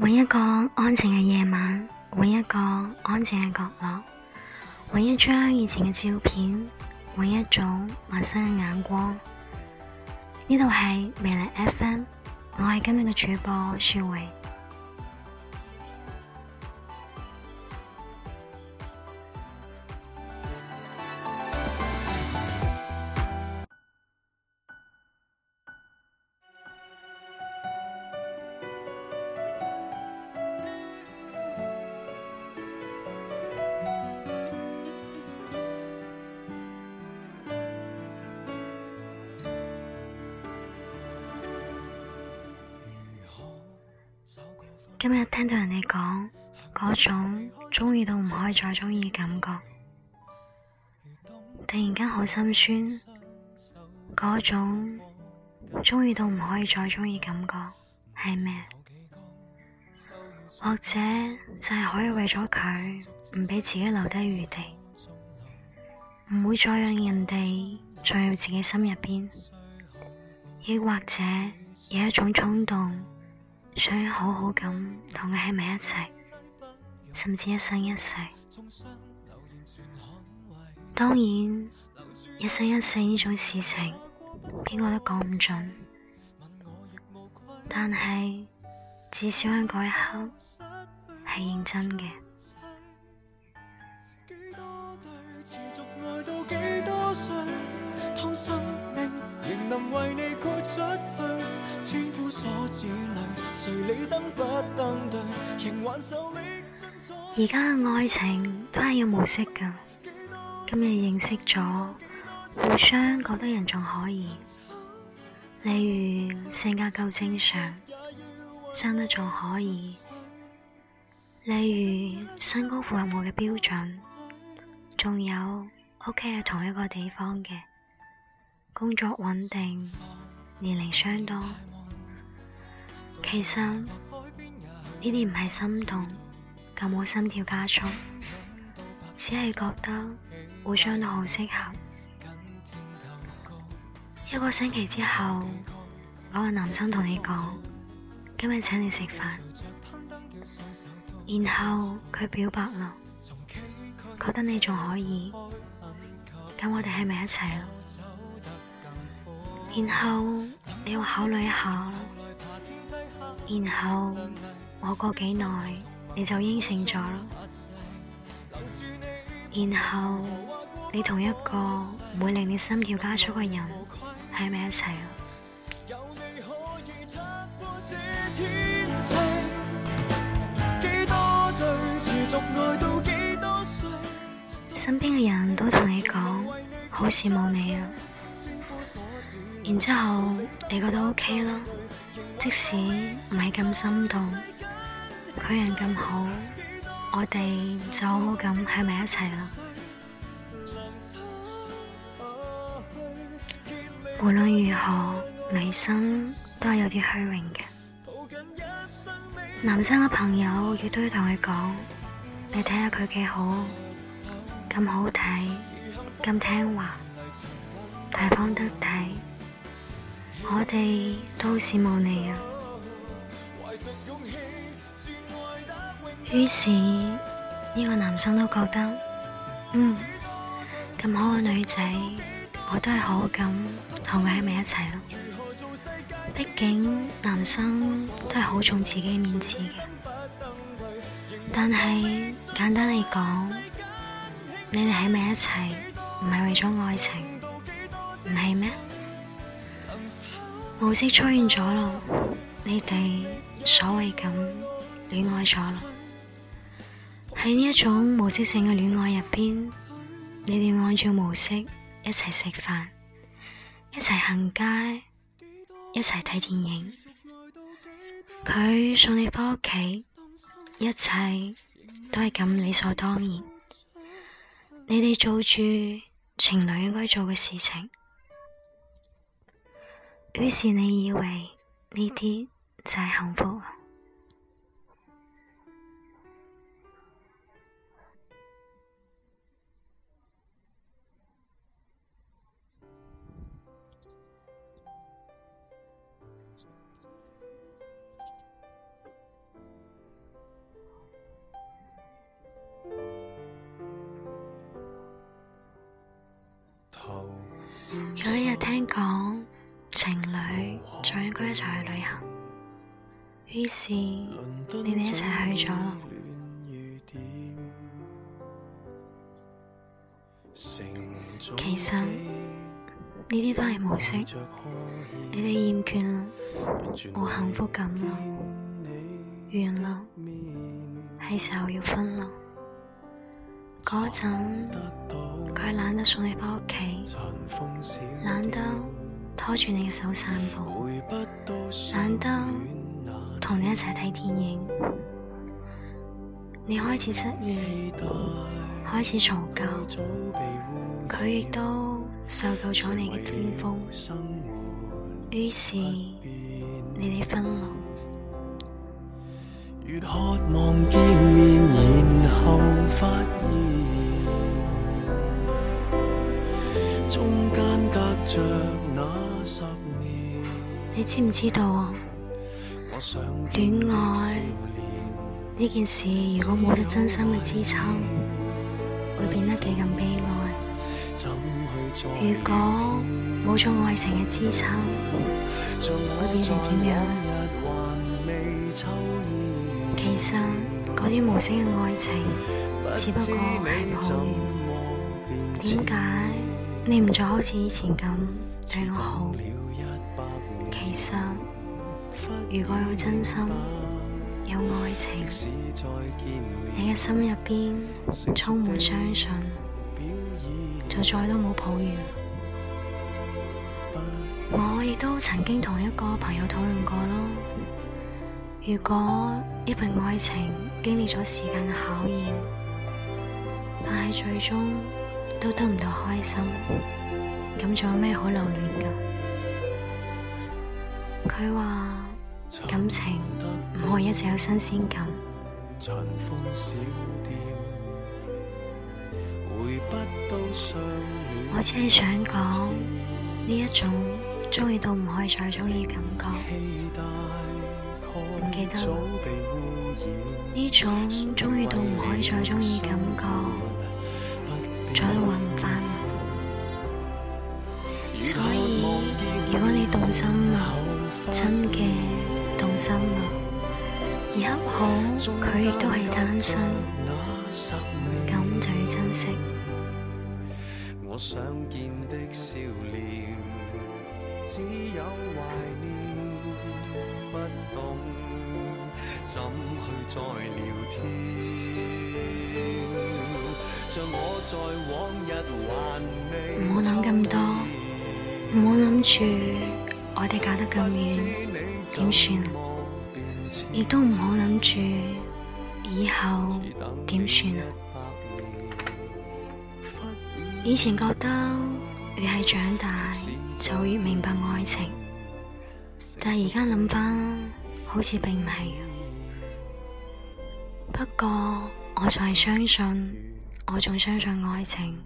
搵一個安靜嘅夜晚，搵一個安靜嘅角落，搵一張以前嘅照片，搵一種陌生嘅眼光。呢度係魅力 FM，我係今日嘅主播舒慧。今日聽到人哋講嗰種鍾意到唔可以再鍾意嘅感覺，突然間好心酸。嗰種鍾意到唔可以再鍾意嘅感覺係咩？或者就係可以為咗佢唔畀自己留低餘地，唔會再讓人哋進入自己心入邊，亦或者有一種衝動。想要好好咁同你喺埋一齊，甚至一生一世。當然，一生一世呢種事情，邊個都講唔準。但係，至少喺嗰一刻，係認真嘅。而家嘅愛情都係要模式㗎。今日認識咗，互相覺得人仲可以，例如性格夠正常，生得仲可以，例如身高符合我嘅標準，仲有屋企係同一個地方嘅。工作穩定，年齡相當。其實呢啲唔係心動，都冇心跳加速，只係覺得互相都好適合。 一個星期之後，我、那個男生同你講，今日請你食飯，然後佢表白啦，覺得你仲可以，咁我哋係咪一齊啊？然後你要考慮一下，然後我過幾耐你就應承咗。然後你同一個唔會令你心跳加速嘅人喺埋一齊，身邊嘅人都同你講好羨慕你啊！然之後你覺得 O K 咯，即使唔係咁心動，佢人咁好，我哋就好咁喺埋一齊啦。無論如何，女生都係有啲虛榮嘅。男生嘅朋友亦都要同佢講，你睇下佢幾好，咁好睇，咁聽話，大方得體。我哋都好羨慕你啊！於是呢個男生都覺得，嗯，咁好嘅女仔，我都係好好咁同佢喺埋一齊咯。畢竟男生都係好重自己嘅面子嘅，但係簡單嚟講，你哋喺埋一齊，唔係為咗愛情，唔係咩？模式出現咗囉，你哋所謂咁戀愛咗囉，喺呢一種模式性嘅戀愛入邊，你哋按照模式一齊食飯，一齊行街，一齊睇電影，佢送你返屋企，一切都係咁理所當然，你哋做住情侶應該做嘅事情。於是你以為呢啲就係幸福啦，啊，有一日聽講。情侶最應該一齊去旅行，於是你哋一齊去咗。其實呢啲都係模式，你哋厭倦啦，冇幸福感啦，完啦，係時候要分啦。嗰陣佢懶得送你返屋企，懶得。拖住你嘅手散步，懶得同你一齊睇電影，你開始失意，開始嘈交，佢亦都受夠咗你嘅癲瘋，於是你哋分落。你知唔知道，啊，戀愛呢件事如果冇咗真心嘅支撐，會變得幾咁悲哀。如果冇咗愛情嘅支撐，會變成點樣？其實啲無聲嘅愛情，只不過係抱怨。點解你唔再好似以前咁對我好？其實如果有真心，有愛情，你嘅心入邊充滿相信，就再都冇抱怨。我亦都曾經同一個朋友討論過咯，如果一份愛情經歷咗時間嘅考驗，但係最終都得唔到開心，咁仲有咩好留戀噶？佢話感情唔可以一直有新鮮感。我只係想講，呢一種鍾意到唔可以再鍾意感覺，唔記得呢種鍾意到唔可以再鍾意感覺，再都搵唔返啦。所以如果你動心啦。真嘅動心啦，而恰好佢亦都係單身，咁最珍惜。我想見的笑臉，只有懷念，不懂怎去再聊天。像我在往日還未。唔好諗咁多，唔好諗住。我哋隔得咁遠，點算？亦都唔好諗住以後點算啊！以前覺得越係長大就越明白愛情，但係而家諗翻，好似並唔係。不過我仲係相信，我仲相信愛情，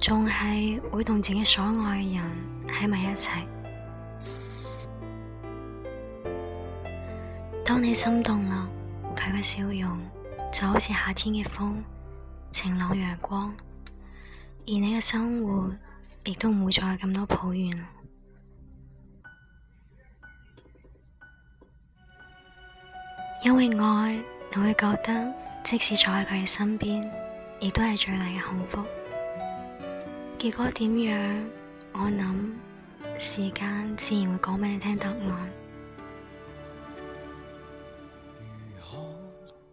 仲係會同自己所愛嘅人喺埋一齊。當你心動啦，佢嘅笑容就好似夏天嘅風，晴朗陽光，而你嘅生活亦都唔會再有咁多抱怨啦。 因為愛，你會覺得即使坐喺佢嘅身邊，亦都係最大嘅幸福。結果點樣，我諗時間自然會講俾你聽答案。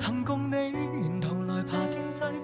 能共你沿途來爬天梯。